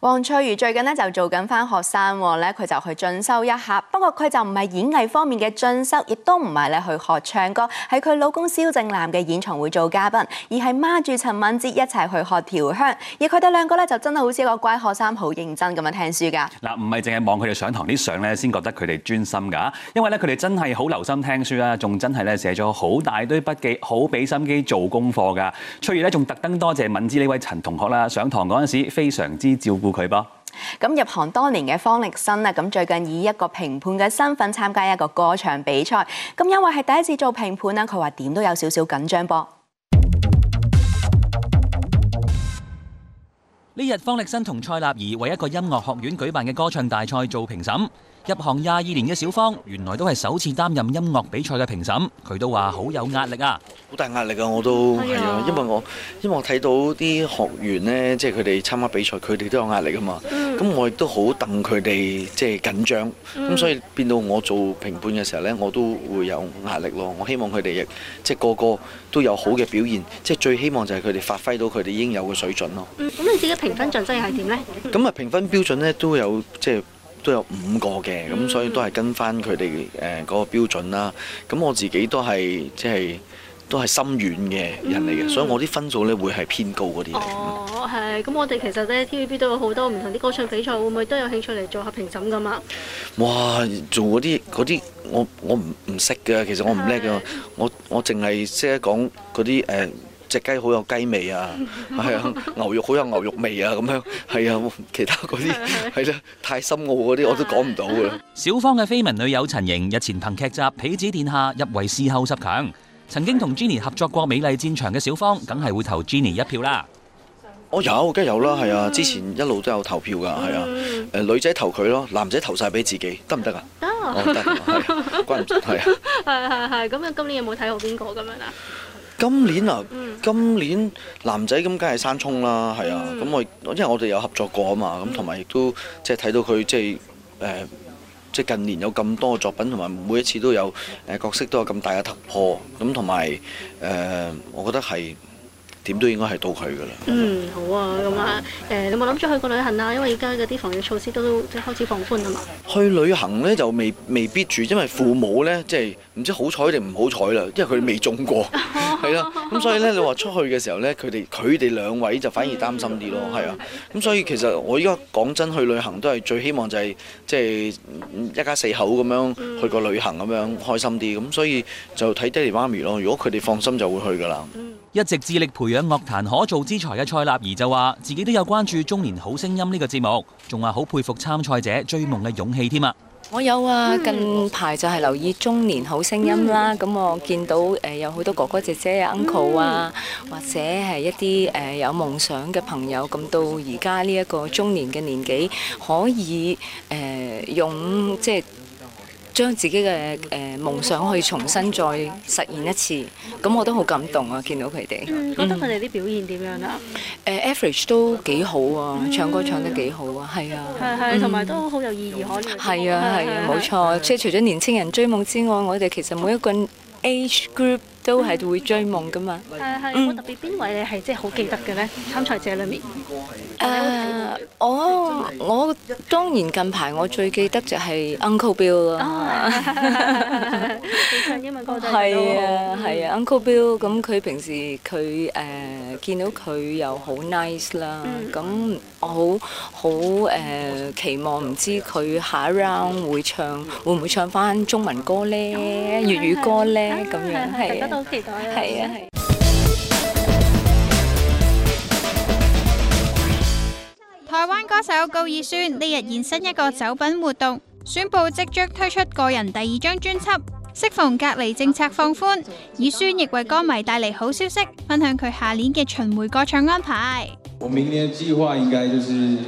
黃翠如最近咧就做緊翻學生，咧佢就去進修一下。不過佢就唔係演藝方面嘅進修，亦都唔係咧去學唱歌，係佢老公蕭正楠嘅演唱會做嘉賓，而係孖住陳敏之一齊去學調香。而佢哋兩個咧就真係好似一個乖學生，好認真咁樣聽書噶。嗱、呃，唔係淨係望佢哋上堂啲相咧，先覺得佢哋專心噶。因為咧佢哋真係好留心聽書啦，仲真係咧寫咗好大堆筆記，好俾心機做功課噶。翠如咧仲特登多謝敏之呢位陳同學啦，上堂嗰陣時非常之照顧，佢吧。咁入行多年嘅方力申咧，咁最近以一個評判嘅身份參加一個歌唱比賽。咁因為係第一次做評判啊，佢話點都有少少緊張噃。呢日方力申同蔡立兒為一個音樂學院舉辦嘅歌唱大賽做評審。入行廿二年嘅小方，原來都係首次擔任音樂比賽嘅評審，佢都話好有壓力啊，好大壓力啊！我都係、哎、呀啊，因為我因為我睇到啲學員咧，即係佢哋參加比賽，佢哋都有壓力噶嘛。咁、嗯、我亦都好戥佢哋即係緊張，咁、嗯、所以變到我做評判嘅時候咧，我都會有壓力咯。我希望佢哋亦即係個個都有好嘅表現，即、就、係、是、最希望就係佢哋發揮到佢哋應有嘅水準咯。嗯，咁你自己評分準則係點咧？咁啊，評分標準咧都有即係。都有五個嘅，咁、嗯、所以都係跟翻佢哋誒嗰個標準啦。咁我自己都係即係都係心軟嘅人嚟嘅，嗯、所以我啲分數咧會係偏高嗰啲。哦，係。咁我哋其實咧，TVB 都有好多唔同啲歌唱比賽，會唔會都有興趣嚟做下評審噶嘛？哇！做嗰啲嗰啲，我我唔唔識嘅，其實我唔叻嘅，我我淨係即係講嗰啲誒。呃隻雞好有雞味啊，係啊，牛肉好有牛肉味啊，咁樣係啊，其他嗰啲係咯，太深奧嗰啲我都講唔到嘅。小芳嘅緋聞女友陳瑩日前憑劇集《痞子殿下》入圍視后十強，曾經同 Jennie 合作過《美麗戰場》嘅小芳梗係會投 Jennie 一票啦。我、哦、有，梗係有啦，係啊，之前一路都有投票噶，係啊，誒女仔投佢咯，男仔投晒俾自己，得唔得啊？得、啊哦啊啊，關唔住，係啊。係係係，咁啊，今年有冇睇好邊個咁樣啊？今年啊，嗯、今年男仔咁梗係山聰啦，係啊，咁我、嗯、因為我哋有合作過啊嘛，咁同埋亦都即係睇到佢即係誒即係近年有咁多嘅作品，同埋每一次都有誒、呃、角色都有咁大嘅突破，咁同埋誒我覺得係。點都應該係到佢噶啦。嗯，好啊，咁啊，誒，你有冇諗住去個旅行啊？因為而家嗰啲防疫措施都即係開始放寬啊嘛。去旅行咧就未未必住，因為父母咧即係唔知好彩定唔好彩啦，因為佢未中過，係啦。 咁所以咧，你話出去嘅時候咧，佢哋佢哋兩位就反而擔心啲咯，係啊。咁所以其實我依家講真，去旅行都係最希望就係即係一家四口咁樣去個旅行咁樣 開心啲。咁所以就睇爹哋媽咪咯。如果佢哋放心就會去㗎啦。一直致力培養樂壇可造之才嘅蔡立兒就話，自己都有關注《中年好聲音》呢個節目，仲話好佩服參賽者追夢嘅勇氣添啊！我有啊，近排就係留意《中年好聲音》啦，咁我見到誒、呃、有好多哥哥姐姐啊、uncle 啊，或者係一啲誒、呃、有夢想嘅朋友，咁到而家呢一個中年嘅年紀，可以誒用、呃、即係。將自己嘅誒夢想去重新再實現一次，咁我都好感動啊！見到佢哋，覺得佢哋啲表現點樣啊？誒，Average 都幾好啊，唱歌唱得幾好啊，係啊，係係，同埋都好有意義可。係啊係啊，冇錯，即係除咗年輕人追夢之外，我哋其實每一個 age group。mimic 都係會追夢㗎嘛。係係，我特別，邊位你係即係好記得嘅咧？參賽者裏面？呃，我，當然，近排，我最記得就係 mimic uh, right, um Uncle Bill. 係啊, Uncle Bill, 好期待係啊係。台灣歌手高以軒呢日現身一個酒品活動，宣佈即將推出個人第二張專輯。適逢隔離政策放寬，以軒亦為歌迷帶嚟好消息，分享佢下年嘅巡迴歌唱安排。我明年嘅計劃應該就是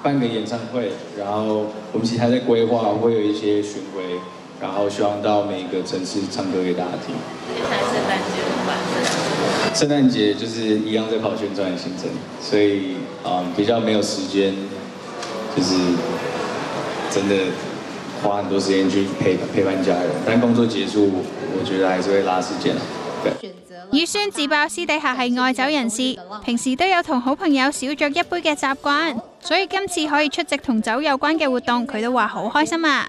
辦個演唱會，然後我們其他嘅規劃會有一些巡迴。然後希望到每個城市唱歌給大家聽。現在是聖誕節，就是一樣在跑宣傳行程，所以比較沒有時間，就是真的花很多時間去陪陪伴家人。但工作結束，我覺得還是會拉時間。對。宇宣自爆私底下係愛酒人士，平時都有同好朋友小酌一杯嘅習慣，所以今次可以出席同酒有關嘅活動，佢都話好開心啊！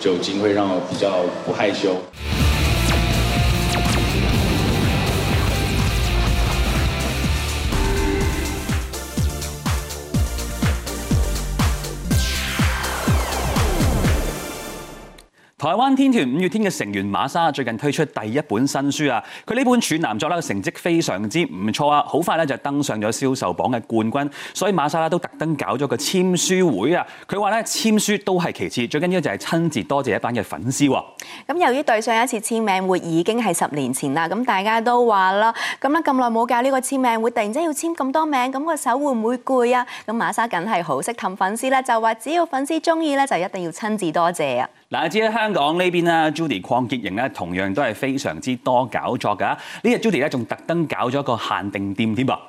酒精會讓我比較不害羞。台灣天團五月天嘅成員馬莎最近推出第一本新書啊！佢呢本處男作啦，成績非常之唔錯啊！好快咧就登上咗銷售榜嘅冠軍，所以馬莎啦都特登搞咗個簽書會啊！佢話咧簽書都係其次，最緊要就係親自多謝一班嘅粉絲喎。咁由於對上一次簽名會已經係十年前啦，咁大家都話啦，咁咧咁耐冇搞呢個簽名會，突然之間要簽咁多名，咁個手會唔會攰啊？咁馬莎梗係好識氹粉絲啦，就話只要粉絲中意咧，就一定要親自多謝啊！嗱，至於香港呢邊啦，Judy 鄺潔瑩咧，同樣都係非常之多搞作㗎。呢日 Judy 咧仲特登搞咗個限定店添啊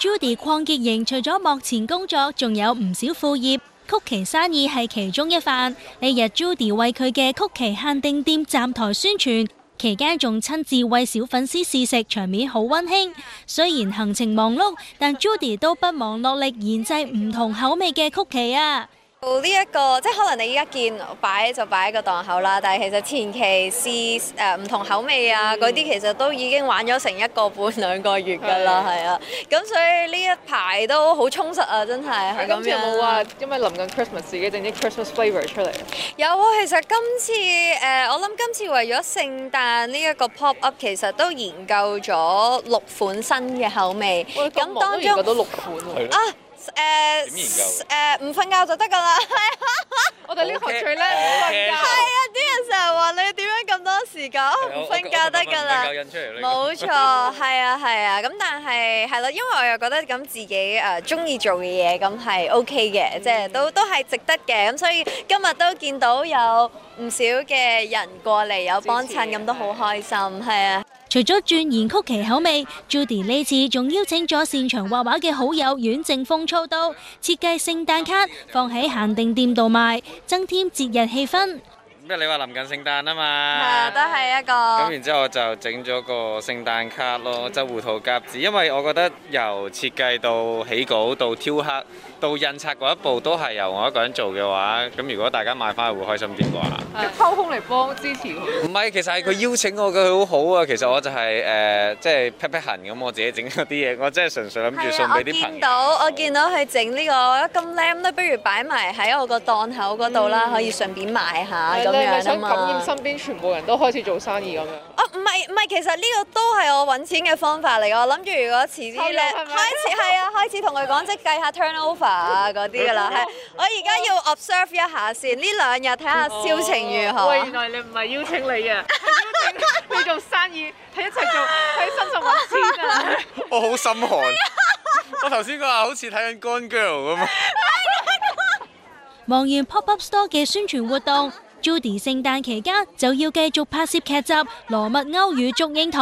！Judy 鄺潔瑩除咗幕前工作，仲有唔少副業，曲奇生意係其中一範。呢日 Judy 為佢嘅曲奇限定店站台宣傳。期間仲親自為小粉絲試食，場面好溫馨。雖然行程忙碌，但 Judy 都不忘落力研製唔同口味嘅曲奇啊！做呢一個，即係可能你而家見擺就擺喺個檔口啦，但係其實前期試誒唔、呃、同口味啊，嗰啲、嗯、其實都已經玩咗成一個半兩個月噶啦，係啊的。咁所以呢一排都好充實啊，真係。咁的樣有冇話因為臨緊 Christmas 自己整啲 Christmas flavor 出嚟？有啊，哦，其實今次誒、呃，我諗今次為咗聖誕呢一個 pop up，其實都研究咗六款新嘅口味。咁當中都六款啊。啊誒誒唔瞓覺就得㗎喇，係 啊！我哋呢行最咧唔好瞓覺。係啊， 啲人成日話你點樣咁多時間唔瞓、uh, okay. 覺得㗎喇。冇錯，係啊係啊。咁、啊、但係係咯，因為我又覺得咁自己誒鍾意做嘅嘢咁係 O K 嘅，即係、okay mm hmm. 都都係值得嘅。咁所以今日都見到有唔少嘅人過嚟有幫襯，咁、啊、都好開心，係啊。除咗鑽研曲奇口味，Judy 呢次仲邀請咗擅長畫畫嘅好友阮正峰操刀設計聖誕卡，放喺限定店度賣，增添節日氣氛。咩？你話臨近聖誕啊嘛？係啊，都係一個。咁然之後我就整咗個聖誕卡咯，就胡桃夾子，因為我覺得由設計到起稿到挑黑。到印刷嗰一步都係由我一個人做嘅話，咁如果大家買翻去會開心啲嘅啩？抽 空嚟幫支持。唔係，其實係佢邀請我嘅好好啊。其實我就係、是、誒、呃，即係劈劈痕咁，我自己整咗啲嘢。我真係純粹諗住送俾啲朋友、啊。我見到，啊、我見到佢整呢個咁靚，咁不如擺埋喺我個檔口嗰度啦，嗯、可以順便賣下咁的樣啊嘛。想感染身邊全部人都開始做生意咁樣。嗯唔係唔係，其實呢個都係我揾錢嘅方法嚟。我諗住如果遲啲咧，開始係啊，開始同佢講即係計下 turnover 啊嗰啲㗎啦。我而家要 observe 一下先，呢兩日睇下銷情如何。哦、喂，原來你唔係邀請你啊！邀請你做生意你一齊做睇身材賺錢啊！我好心寒，我頭先講話好似睇緊 gone girl 咁啊！忙完 pop up store 嘅宣傳活動。Judy 聖誕期間就要繼續拍攝劇集《羅密歐與祝英台》。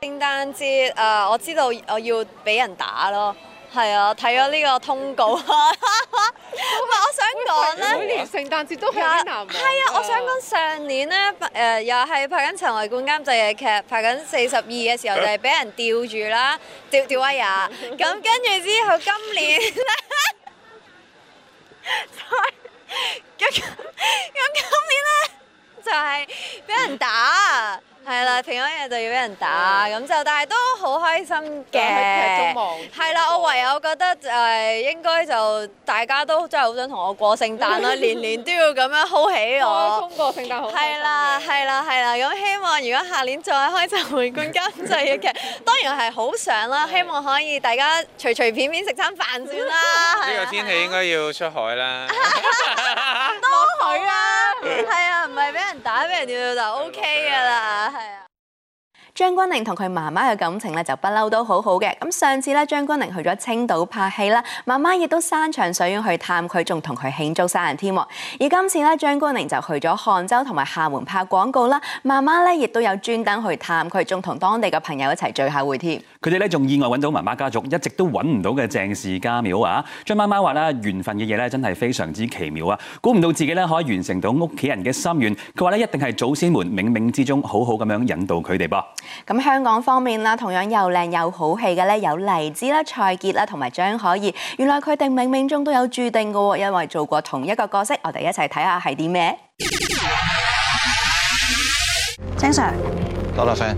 聖誕節誒，我知道我要俾人打咯，係啊，睇咗呢個通告。唔係，我想講咧，每年聖誕節都係啲男。係啊，我想講上年咧，誒，又係拍緊《陳維冠監製嘅劇》，拍緊四十二嘅時候就係俾人吊住啦，吊吊威亞。咁跟住之後，今年。咁咁咁今年咧？就係俾人打，係啦，平安夜就要俾人打咁就，但係都好開心嘅。劇係啦，我唯有覺得就係、誒、應該就大家都真係好想同我過聖誕啦，年年 都要咁樣好起我。 通過聖誕好、啊。係啦，係啦，係啦，咁、嗯、希望如果下年再開觀就回歸家鄉嘅劇，當然係好想啦， 希望可以大家隨隨便便食餐飯先啦。呢個天氣應該要出海啦。多海 啊，係啊。就 OK 噶啦，係啊！張君寧同佢媽媽嘅感情咧，就不嬲都好好嘅。咁上次咧，張君寧去咗青島拍戲啦，媽媽亦都山長水遠去探佢，仲同佢慶祝生日添。而今次咧，張君寧就去咗杭州同埋廈門拍廣告啦，媽媽咧亦都有專登去探佢，仲同當地嘅朋友一齊聚下會添。佢哋咧仲意外揾到媽媽家族一直都揾唔到嘅鄭氏家廟啊！張媽媽話咧，緣分嘅嘢咧真係非常之奇妙啊！估唔到自己咧可以完成到屋企人嘅心願。佢話咧一定係祖先們冥冥之中好好咁樣引導佢哋噃。咁香港方面啦，同樣又靚又好戲嘅咧，有黎姿啦、蔡潔啦同埋張可頤。原來佢哋冥冥中都有注定噶喎，因為做過同一個角色。我哋一齊睇下係啲咩？正 Sir。多啦 A 夢，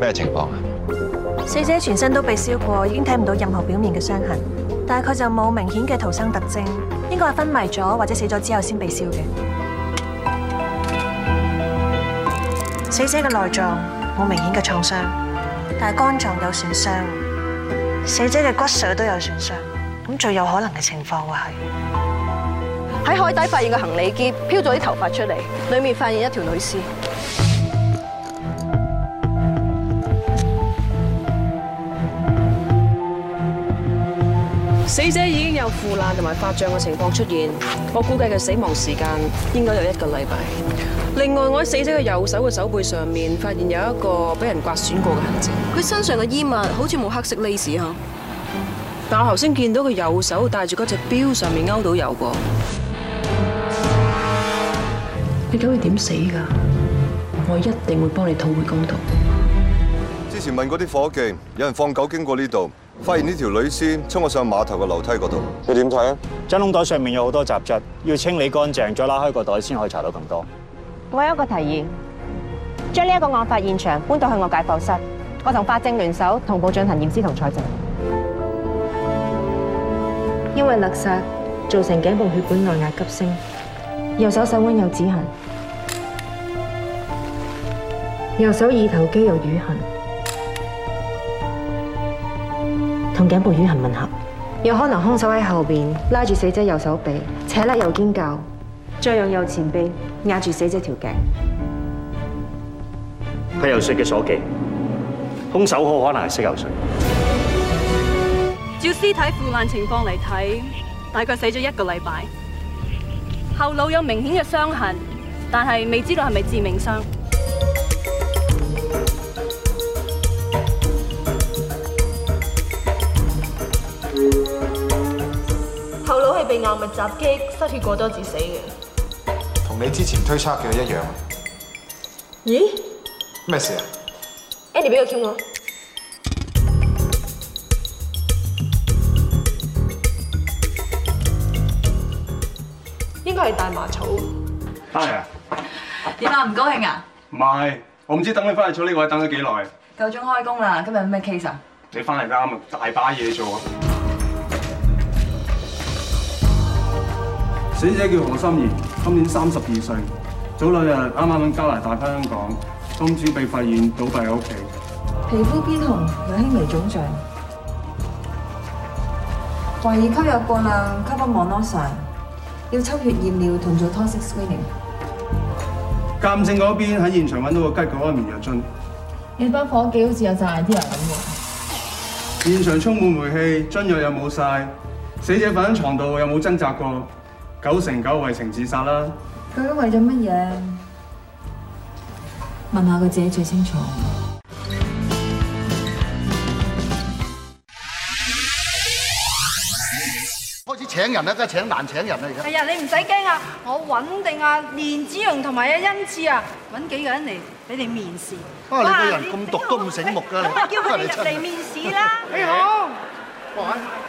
咩情況啊？死者全身都被燒過，已經睇唔到任何表面嘅傷痕，但係佢就冇明顯嘅逃生特徵應該係昏迷咗或者死咗之後先被燒嘅。死者嘅內臟冇明顯嘅創傷，但係肝臟有損傷，死者嘅骨髓都有損傷，咁最有可能嘅情況會係喺海底發現個行李箱，漂咗啲頭髮出嚟，裏面發現一條女屍。死者已經有腐爛同埋發脹嘅情況出現，我估計佢死亡時間應該有一個禮拜。另外，我喺死者嘅右手嘅手背上面發現有一個俾人刮損過嘅痕迹。佢身上嘅衣物好似冇黑色蕾絲啊，但我頭先見到佢右手戴住嗰隻表上面勾到有個。你究竟點死㗎？我一定會幫你討回公道。之前問嗰啲伙計，有人放狗經過呢度。發現這條衝呢條女屍，沖我上碼頭嘅樓梯嗰度。你點睇啊？真窿袋上面有好多雜質，要清理乾淨再拉開個袋，先可以查到更多。我有一個提議，將呢一個案發現場搬到去我解剖室，我同法證聯手同步進行驗屍同採證。因為勒殺造成頸部血管內壓急升，右手手腕有紫痕，右手二頭肌有瘀痕。用頸部淤痕吻合，有可能凶手喺後邊拉住死者右手臂，扯甩右肩臼，再用右前臂壓住死者條頸。係游水嘅所記，凶手好可能係識游水。照屍體腐爛情況嚟睇大概死咗一個禮拜，後腦有明顯嘅傷痕，但係未知道係咪致命傷。後腦係被硬物襲擊失血過多致死嘅，同你之前推測嘅一樣啊？咦？咩事啊？Andy，記得聽我？應該係大麻草。翻嚟，點啊？唔高興啊？唔係，我唔知等你翻嚟坐呢個位等咗幾耐。夠鐘開工啦，今日咩 case 啊？你翻嚟啱啦，大把嘢做啊！死者叫何心妍，今年三十二歲，早兩日啱啱從加拿大返香港，今朝被發現倒斃喺屋企，皮膚變紅，有輕微腫脹，懷疑吸入過量吸苯網絡上，要抽血驗尿同做 toxic screening。鑑證嗰邊喺現場揾到個雞腳安眠藥樽，呢班火幾好似有炸啲人咁嘅，現場充滿煤氣樽藥又冇晒，死者瞓喺床度又冇掙扎過。九成九為情自殺啦！究竟為咗乜嘢？問下佢自己最清楚。開始請人啦，梗係請難請人啦而家。哎呀，你唔使驚啊，我揾定啊蓮子蓉同埋啊恩賜啊，揾幾個人嚟俾你面試。啊，你個人咁毒都唔醒目啊！咁咪叫佢哋入嚟面試啦。你好，我。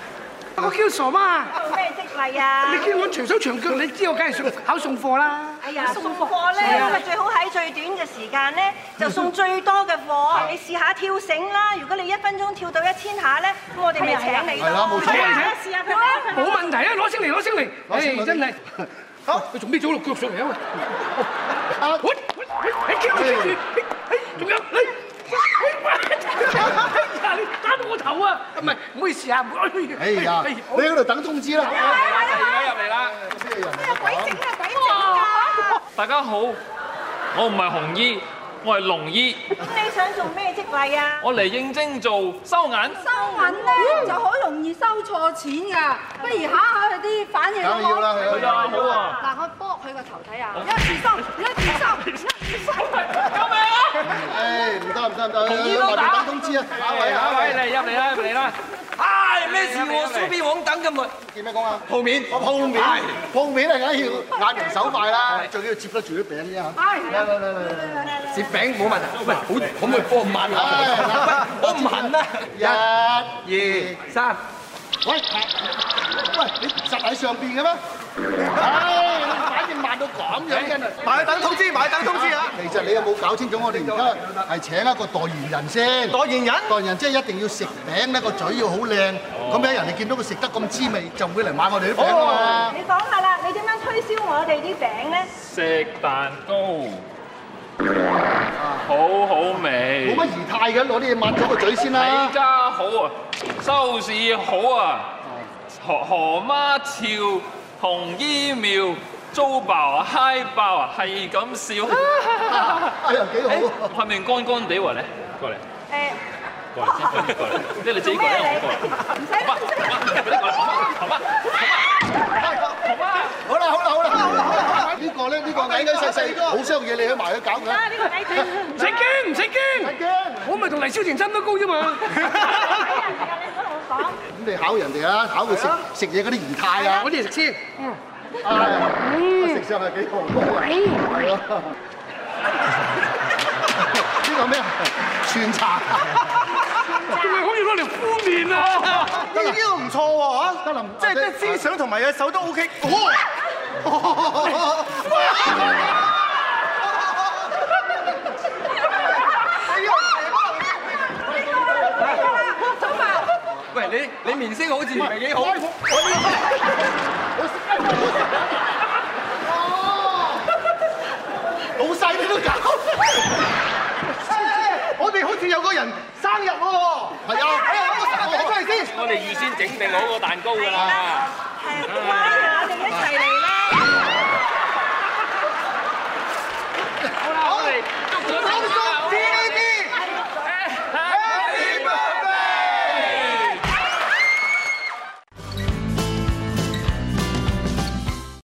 我叫傻媽。做咩職位啊？你叫我長手長腳，你知我梗係想考送貨啦。哎呀，送貨咧，咁咪最好喺最短嘅時間咧，就送最多嘅貨。你試下跳繩啦，如果你一分鐘跳到一千下咧，咁我哋咪請你咯。係啦，冇問題。試下跳啦，冇問題啊，攞星嚟，攞星嚟。攞真係。好，你做咩左六腳上嚟啊？喂，喂，喂，叫住叫住，仲有，誒。頭啊，唔係，唔好意思啊，唔該。你喺度等通知啦，係咪？快啲入嚟啦！咩鬼整啊？鬼整啊！大家好，我唔係紅衣，我係龍衣。咁你想做咩職位啊？我嚟應徵做收銀。收銀咧就好容易收錯錢㗎，不如下下佢啲反應都好。好啦，佢就眼好喎。嗱，我卜佢個頭睇下，一二三，一二三，救命！哎，唔得唔得唔得，我哋等通知啊！阿偉阿偉嚟，入嚟啦，入嚟啦！哎，咩事？我書邊往等噶嘛？見咩工啊？鋪面，鋪面，鋪面係梗要眼明手快啦，最緊要接得住啲餅先啊！嚟嚟嚟嚟，食餅冇問題，喂，好可唔可以幫我抹，我唔肯啦，一、二、三。喂喂，你實喺上邊嘅咩？唉，你反正慢到咁樣嘅，買等通知，買等通知嚇。其實你有冇搞清楚，我哋而家係請一個代言人先。代言人？代言人即係一定要食餅咧，個嘴要好靚，咁樣人哋見到佢食得咁滋味，就會嚟買我哋啲餅啦嘛。你講下啦，你點樣推銷我哋啲餅咧？食蛋糕。好好味，冇乜儀態嘅，攞啲嘢抹咗個嘴先啦。呢家好啊，收視好啊，河河媽俏，紅衣妙，租爆啊，嗨爆啊，係咁笑。哎呀，幾好，下面乾乾地喎，你過嚟。誒，過嚟，過嚟，即係你自己過嚟，我唔過嚟。唔使，唔使，唔使，唔使，唔使，唔使，好啦好啦好啦，呢個咧，呢個矮矮細細個，好傷嘢，你喺埋去搞嘅。啊，呢個矮仔，唔食驚，唔食驚，唔使驚，唔使驚？驚我咪同黎小田爭都高啫嘛。咁你考人哋啦，考佢食食嘢嗰啲儀態啊。我啲食先。嗯。啊。食相係幾好。喂。呢個咩啊？串茶。佢咪 可以攞嚟敷面啊，啊？呢呢個唔錯啊。嚇，即係即係思想同埋嘅手都 O K。哦， 喂，喂你你面色好似唔係幾好。 老細你都走、 哎，我哋好似有個人。生日喎，係 啊樂，開個沙龍出嚟先。我哋預先整定好個蛋糕㗎啦，係 啦樂，我哋一齊嚟啦，好啦！ 好我